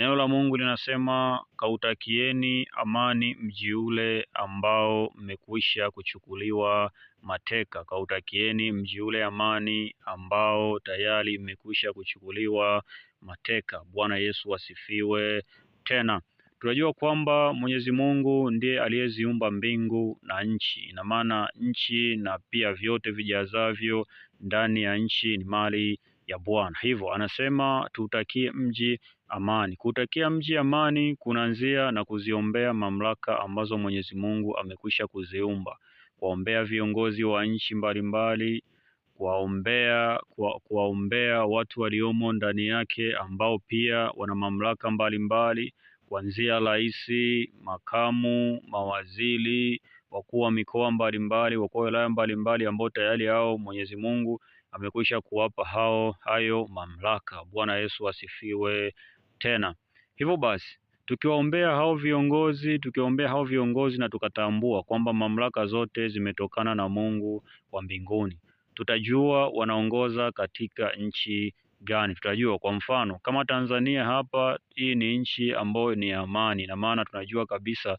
Neno la Mungu linasema kautakieni amani mji ule ambao mmekwisha kuchukuliwa mateka, kautakieni mji ule amani ambao tayari mmekwisha kuchukuliwa mateka. Bwana Yesu asifiwe. Tena tunajua kwamba Mwenyezi Mungu ndiye aliyeziumba mbingu na nchi. Ina maana nchi na pia vyote vijazavyo ndani ya nchi ni mali ya Bwana. Hivyo anasema tutakie mji amani. Kutakia mji amani kunaanzia na kuziombea mamlaka ambazo Mwenyezi Mungu amekwisha kuziumba, kuwaombea viongozi wa nchi mbalimbali, kuwaombea kuwaombea watu waliomo ndani yake ambao pia wana mamlaka mbalimbali, kuanzia rais, makamu, mawaziri, wakuu wa mikoa mbalimbali, wakuu wa wilaya mbalimbali ambao tayari hao Mwenyezi Mungu amekwisha kuwapa hao hayo mamlaka. Bwana Yesu asifiwe tena. Hivyo basi tukiwaombea hao viongozi, tukiwaombea hao viongozi na tukatambua kwamba mamlaka zote zimetokana na Mungu wa mbinguni, tutajua wanaongoza katika nchi gani. Tutajua kwa mfano kama Tanzania hapa, hii ni nchi ambayo ni amani, na maana tunajua kabisa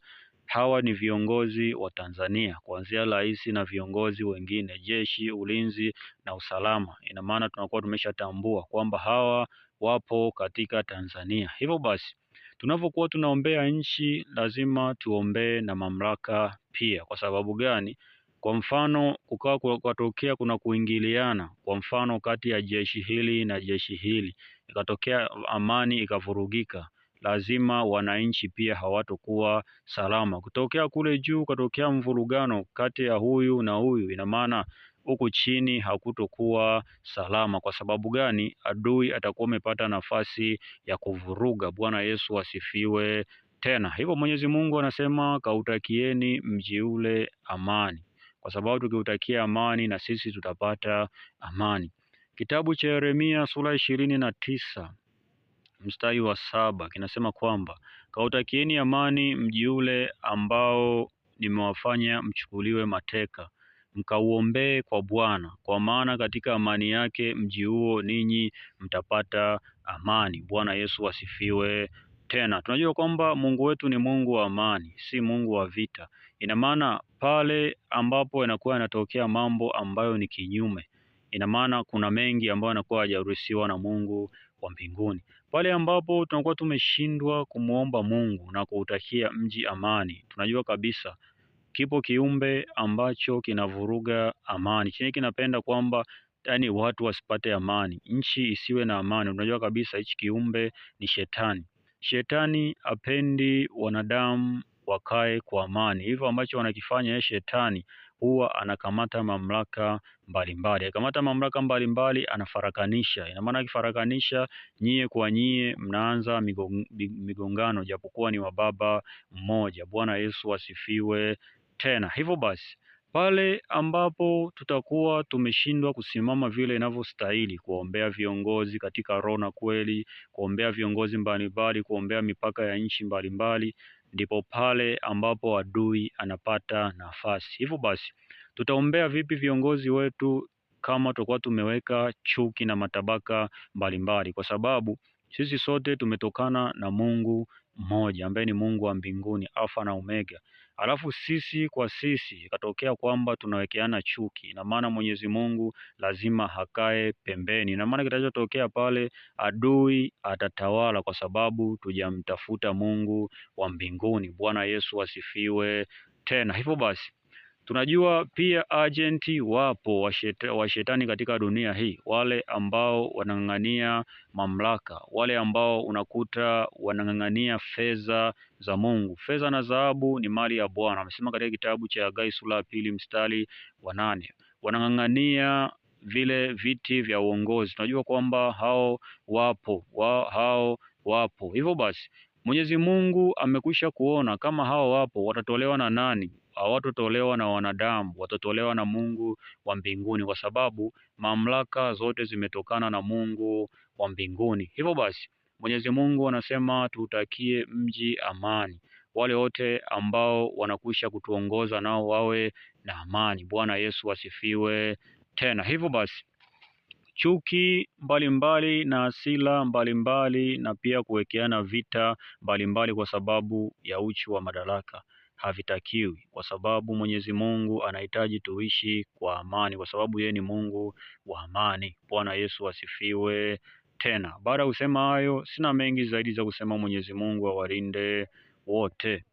Hawa ni viongozi wa Tanzania kuanzia rais na viongozi wengine, jeshi, ulinzi na usalama. Ina maana tunakuwa tumeshatambua kwamba hawa wapo katika Tanzania. Hivyo basi tunapokuwa tunaombea nchi lazima tuombee na mamlaka pia. Kwa sababu gani? Kwa mfano kukawa kukatokea kuna kuingiliana, kwa mfano kati ya jeshi hili na jeshi hili, ikatokea amani ikavurugika lazima wananchi pia hawatokuwa salama. Kutokea kule juu ukatokea mvurugano kati ya huyu na huyu, ina maana huku chini hakutokuwa salama. Kwa sababu gani? Adui atakuwa amepata nafasi ya kuvuruga. Bwana Yesu asifiwe tena. Hivyo Mwenyezi Mungu anasema kautakieni mji ule amani, kwa sababu tukiutakia amani na sisi tutapata amani. Kitabu cha Yeremia sura ishirini na tisa mstari wa saba kinasema kwamba kautakieni amani mji ule ambao nimewafanya mchukuliwe mateka, mkauombee kwa Bwana, kwa maana katika amani yake mji huo ninyi mtapata amani. Bwana Yesu asifiwe. Tena tunajua kwamba Mungu wetu ni Mungu wa amani, si Mungu wa vita. Ina maana pale ambapo inakuwa inatokea mambo ambayo ni kinyume ina maana kuna mengi ambayo yanakuwa hayajaruhusiwa na Mungu wa mbinguni. Pale ambapo tunakuwa tumeshindwa kumwomba Mungu na kuutakia mji amani, tunajua kabisa kipo kiumbe ambacho kinavuruga amani chenye kinapenda kwamba yani watu wasipate amani, nchi isiwe na amani. Unajua kabisa hichi kiumbe ni shetani. Shetani apendi wanadamu wakae kwa amani. Hivyo ambacho wanakifanya ye shetani huwa anakamata mamlaka mbalimbali. Akikamata mamlaka mbalimbali anafarakanisha. Ina maana akifarakanisha, nyie kwa nyie mnaanza migongano, japokuwa ni wababa mmoja. Bwana Yesu asifiwe tena. Hivyo basi pale ambapo tutakuwa tumeshindwa kusimama vile inavyostahili, kuombea viongozi katika roho na kweli, kuombea viongozi mbalimbali, kuombea mipaka ya nchi mbalimbali, ndipo pale ambapo adui anapata nafasi. Hivyo basi, tutaombea vipi viongozi wetu kama tutakuwa tumeweka chuki na matabaka mbalimbali, kwa sababu sisi sote tumetokana na Mungu mmoja ambaye ni Mungu wa mbinguni, Alfa na Omega. Alafu sisi kwa sisi ikatokea kwamba tunawekeana chuki, ina maana Mwenyezi Mungu lazima hakae pembeni. Ina maana kitachotokea pale, adui atatawala, kwa sababu tujamtafuta Mungu wa mbinguni. Bwana Yesu asifiwe tena. Hivyo basi Tunajua pia agenti wapo washeta, washetani katika dunia hii, wale ambao wanang'ang'ania mamlaka, wale ambao unakuta wanang'ang'ania fedha za Mungu. Fedha na dhahabu ni mali ya Bwana, amesema katika kitabu cha Hagai sura ya pili mstari wa nane. Wanang'ang'ania vile viti vya uongozi. Tunajua kwamba hao wapo wa, hao wapo. Hivyo basi Mwenyezi Mungu amekwisha kuona kama hao wapo watatolewa na nani hawatotolewa na wanadamu, watotolewa na Mungu wa mbinguni, kwa sababu mamlaka zote zimetokana na Mungu wa mbinguni. Hivyo basi, Mwenyezi Mungu anasema tutakie mji amani, wale wote ambao wanakwisha kutuongoza nao wawe na amani. Bwana Yesu asifiwe tena. Hivyo basi chuki mbalimbali mbali na asila mbalimbali mbali na pia kuwekeana vita mbalimbali mbali kwa sababu ya uchu wa madaraka havitakiwi, kwa sababu Mwenyezi Mungu anahitaji tuishi kwa amani, kwa sababu yeye ni Mungu wa amani. Bwana Yesu asifiwe. Tena baada ya kusema hayo, sina mengi zaidi za kusema. Mwenyezi Mungu awalinde wote.